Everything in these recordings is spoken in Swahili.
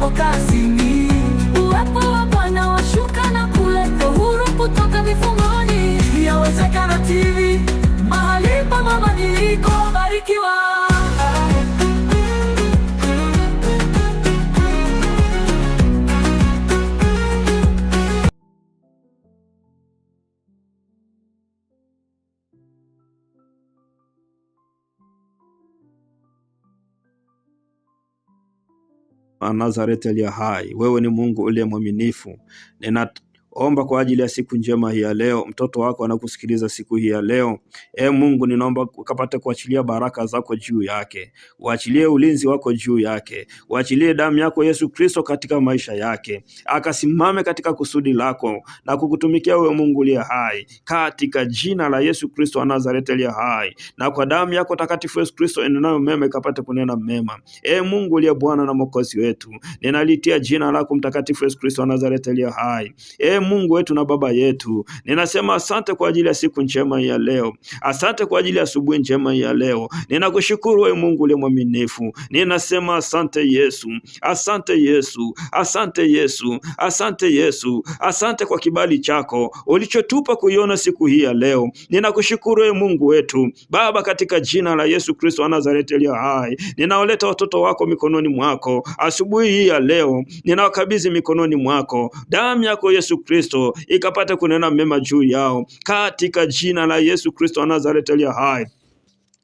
hapo kazini. Uwepo wa Bwana washuka na kuleta uhuru kutoka vifungoni. Yawezekana TV mahali pa mabadiliko. anazareti aliye hai. Wewe ni Mungu uliye mwaminifu, Omba kwa ajili ya siku njema hii ya leo. Mtoto wako anakusikiliza siku hii ya leo. E Mungu, ninaomba ukapate kuachilia baraka zako juu yake, uachilie ulinzi wako juu yake, uachilie damu yako Yesu Kristo katika maisha yake, akasimame katika kusudi lako na kukutumikia wewe, Mungu liye hai, katika jina la Yesu Kristo wa Nazareti liye hai, na kwa damu yako takatifu Yesu Kristo inenayo mema, ikapate kunena mema. E Mungu liye Bwana na Mwokozi wetu, ninalitia jina lako mtakatifu Yesu Kristo wa Nazareti liye hai e Mungu wetu na Baba yetu. Ninasema asante kwa ajili ya siku njema ya leo, asante kwa ajili ya asubuhi njema ya leo. Ninakushukuru wewe Mungu ule mwaminifu, ninasema asante Yesu, asante Yesu, asante Yesu, asante Yesu, asante kwa kibali chako ulichotupa kuiona siku hii ya leo. Ninakushukuru wewe Mungu wetu Baba, katika jina la Yesu Kristo wa Nazareti aliye hai, ninaoleta watoto wako mikononi mwako asubuhi hii ya leo, ninawakabidhi mikononi mwako damu yako Yesu Kristo, ikapata kunena mema juu yao katika jina la Yesu Kristo wa Nazareti aliye hai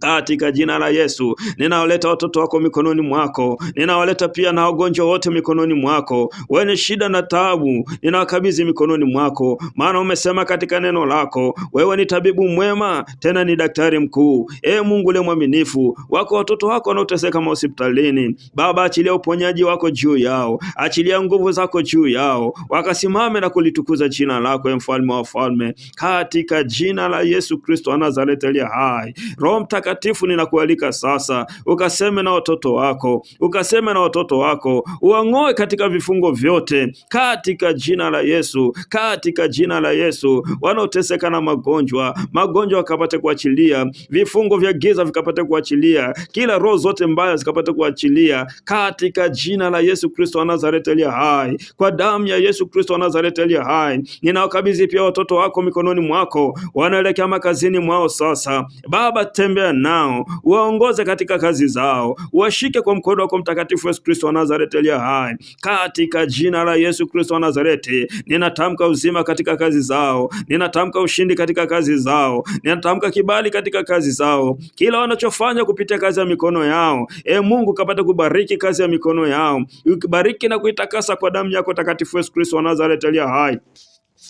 katika jina la Yesu. Ninawaleta watoto wako mikononi mwako, ninawaleta pia na wagonjwa wote mikononi mwako, wenye shida na taabu ninawakabidhi mikononi mwako, maana umesema katika neno lako, wewe ni tabibu mwema, tena ni daktari mkuu. E Mungu le mwaminifu, wako watoto wako wanaoteseka mahospitalini. Baba, achilia uponyaji wako juu yao, achilia nguvu zako juu yao, wakasimame na kulitukuza jina lako, e mfalme wa wafalme, katika jina la Yesu Kristo wa Nazareti aliye hai. Roho Mtakatifu Mtakatifu, ninakualika sasa ukaseme na watoto wako, ukaseme na watoto wako, uang'oe katika vifungo vyote, katika jina la Yesu, katika jina la Yesu. Wanaoteseka na magonjwa, magonjwa wakapate kuachilia, vifungo vya giza vikapate kuachilia, kila roho zote mbaya zikapate kuachilia, katika jina la Yesu Kristo wa Nazareti aliye hai, kwa damu ya Yesu Kristo wa Nazareti aliye hai. Ninawakabidhi pia watoto wako mikononi mwako, wanaelekea makazini mwao sasa, Baba, tembea nao, waongoze katika kazi zao, washike kwa mkono wako mtakatifu. Yesu Kristo wa Nazareti aliye hai, katika jina la Yesu Kristo wa Nazareti, ninatamka uzima katika kazi zao, ninatamka ushindi katika kazi zao, ninatamka kibali katika kazi zao, kila wanachofanya kupitia kazi ya mikono yao. E Mungu, kapate kubariki kazi ya mikono yao, ukibariki na kuitakasa kwa damu yako takatifu, Yesu Kristo wa Nazareti aliye hai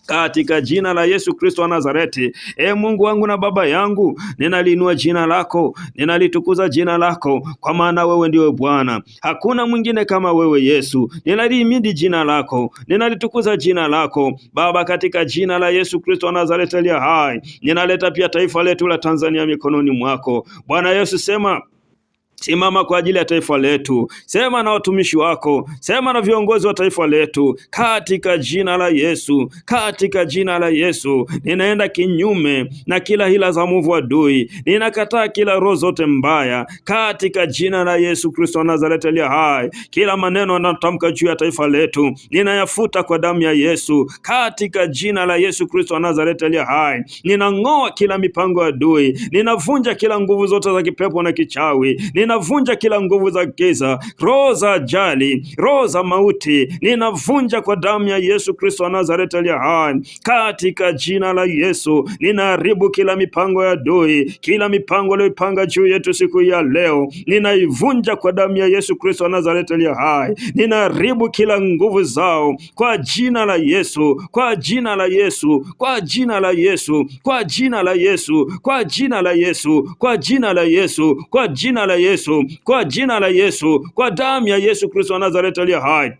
katika jina la Yesu Kristo wa Nazareti. E Mungu wangu na Baba yangu, ninaliinua jina lako, ninalitukuza jina lako, kwa maana wewe ndiwe Bwana, hakuna mwingine kama wewe Yesu. Ninalihimidi jina lako, ninalitukuza jina lako Baba, katika jina la Yesu Kristo wa Nazareti aliye hai. Ninaleta pia taifa letu la Tanzania mikononi mwako Bwana Yesu, sema Simama kwa ajili ya taifa letu, sema na watumishi wako, sema na viongozi wa taifa letu, katika jina la Yesu, katika jina la Yesu. Ninaenda kinyume na kila hila za mwovu adui, ninakataa kila roho zote mbaya, katika jina la Yesu Kristo wa Nazareti aliye hai. Kila maneno anatamka juu ya taifa letu ninayafuta kwa damu ya Yesu, katika jina la Yesu Kristo wa Nazareti aliye hai. Ninang'oa kila mipango ya adui, ninavunja kila nguvu zote za kipepo na kichawi, nina ninavunja kila nguvu za giza, roho za ajali, roho za mauti, ninavunja kwa damu ya Yesu Kristo wa Nazareti aliye hai. Katika jina la Yesu ninaharibu kila mipango ya adui, kila mipango aliyoipanga juu yetu siku ya leo ninaivunja kwa damu ya Yesu Kristo wa Nazareti aliye hai. Ninaharibu kila nguvu zao kwa jina la Yesu, kwa jina la Yesu, kwa jina la Yesu, kwa jina la Yesu, kwa jina la Yesu, kwa jina la Yesu, kwa jina la Yesu. Yesu, kwa jina la Yesu, kwa damu ya Yesu Kristo wa Nazareti aliye hai.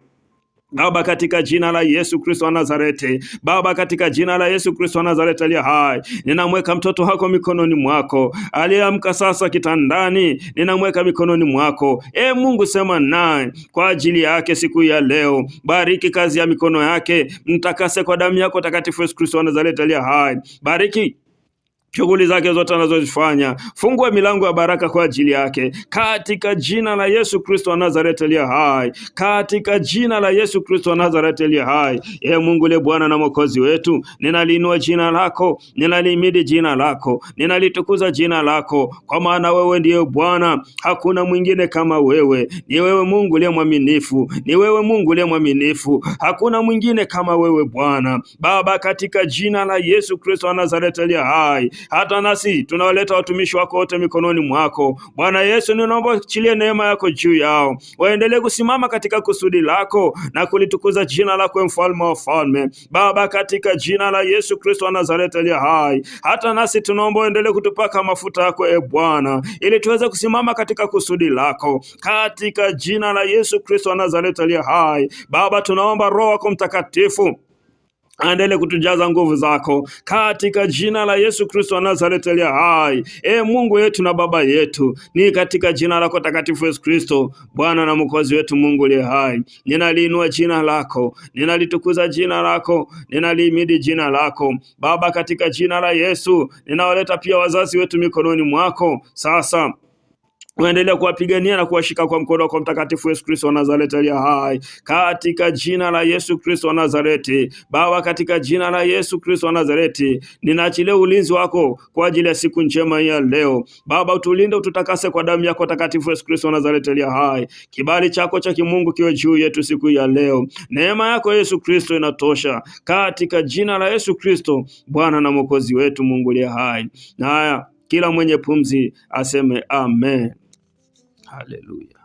Baba katika jina la Yesu Kristo wa Nazareti, Baba katika jina la Yesu Kristo wa Nazareti aliye hai, ninamweka mtoto wako mikononi mwako, aliyeamka sasa kitandani, ninamweka mikononi mwako. E Mungu, sema naye kwa ajili yake siku ya leo, bariki kazi ya mikono yake, mtakase kwa damu yako takatifu, Yesu Kristo wa Nazareti aliye hai, bariki shughuli zake zote anazozifanya. Fungua milango ya baraka kwa ajili yake katika jina la Yesu Kristo wa Nazareti aliye hai, katika jina la Yesu Kristo wa Nazareti aliye hai. Ee Mungu le Bwana na Mwokozi wetu, ninaliinua jina lako, ninalimidi jina lako, ninalitukuza jina lako, kwa maana wewe ndiye Bwana, hakuna mwingine kama wewe. Ni wewe Mungu liye mwaminifu, ni wewe Mungu liye mwaminifu, hakuna mwingine kama wewe Bwana Baba, katika jina la Yesu Kristo wa Nazareti aliye hai hata nasi tunawaleta watumishi wako wote mikononi mwako. Bwana Yesu, ninaomba chilie neema yako juu yao, waendelee kusimama katika kusudi lako na kulitukuza jina lako, mfalme wa falme. Baba, katika jina la Yesu Kristo wa Nazareti aliye hai, hata nasi tunaomba uendelee kutupaka mafuta yako, e Bwana, ili tuweze kusimama katika kusudi lako, katika jina la Yesu Kristo wa Nazareti aliye hai. Baba, tunaomba Roho wako Mtakatifu aendelee kutujaza nguvu zako katika jina la Yesu Kristo wa Nazareti aliye hai. E Mungu yetu na Baba yetu, ni katika jina lako takatifu Yesu Kristo, Bwana na Mwokozi wetu, Mungu aliye hai, ninaliinua jina lako, ninalitukuza jina lako, ninalihimidi jina lako Baba, katika jina la Yesu ninawaleta pia wazazi wetu mikononi mwako sasa waendelea kuwapigania na kuwashika kwa mkono wako mtakatifu Yesu Kristo wa Nazareti aliye hai. Katika jina la Yesu Kristo wa Nazareti. Baba, katika jina la Yesu Kristo wa Nazareti, ninaachilia ulinzi wako kwa ajili ya siku njema ya leo. Baba, utulinde ututakase kwa damu yako takatifu Yesu Kristo wa Nazareti aliye hai. Kibali chako cha kimungu kiwe juu yetu siku ya leo. Neema yako Yesu Kristo inatosha. Katika jina la Yesu Kristo, Bwana na Mwokozi wetu Mungu aliye hai. Na haya kila mwenye pumzi aseme amen. Haleluya.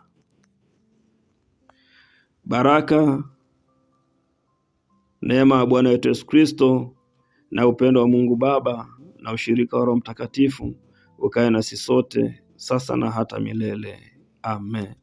Baraka, neema ya Bwana wetu Yesu Kristo na upendo wa Mungu Baba na ushirika wa Roho Mtakatifu ukae nasi sote sasa na hata milele. Amen.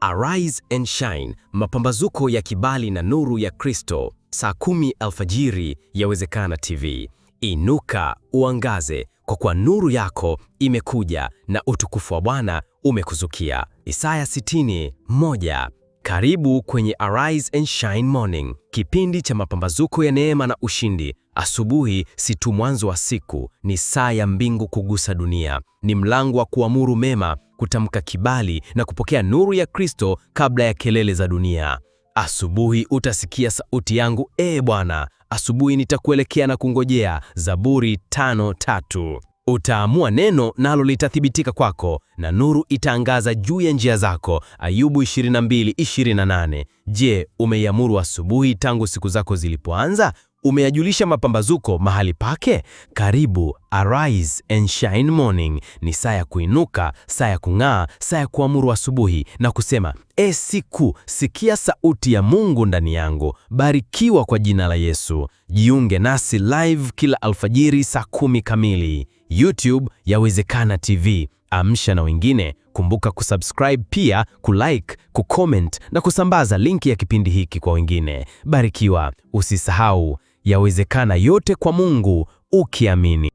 Arise and Shine, mapambazuko ya kibali na nuru ya Kristo, saa kumi alfajiri, Yawezekana TV. Inuka uangaze, kwa kuwa nuru yako imekuja na utukufu wa Bwana umekuzukia. Isaya 60:1. Karibu kwenye Arise and Shine Morning, kipindi cha mapambazuko ya neema na ushindi. Asubuhi si tu mwanzo wa siku, ni saa ya mbingu kugusa dunia, ni mlango wa kuamuru mema, kutamka kibali na kupokea nuru ya Kristo kabla ya kelele za dunia. Asubuhi utasikia sauti yangu, ee Bwana, asubuhi nitakuelekea na kungojea. Zaburi tano tatu. Utaamua neno nalo litathibitika kwako, na nuru itaangaza juu ya njia zako. Ayubu 22:28. Je, umeiamuru asubuhi tangu siku zako zilipoanza? Umeyajulisha mapambazuko mahali pake? Karibu Arise and Shine Morning. Ni saa ya kuinuka, saa ya kung'aa, saa ya kuamuru asubuhi na kusema, e siku, sikia sauti ya Mungu ndani yangu. Barikiwa kwa jina la Yesu. Jiunge nasi live kila alfajiri saa kumi kamili, YouTube Yawezekana TV. Amsha na wengine. Kumbuka kusubscribe pia, kulike, kucomment na kusambaza linki ya kipindi hiki kwa wengine. Barikiwa, usisahau Yawezekana yote kwa Mungu ukiamini.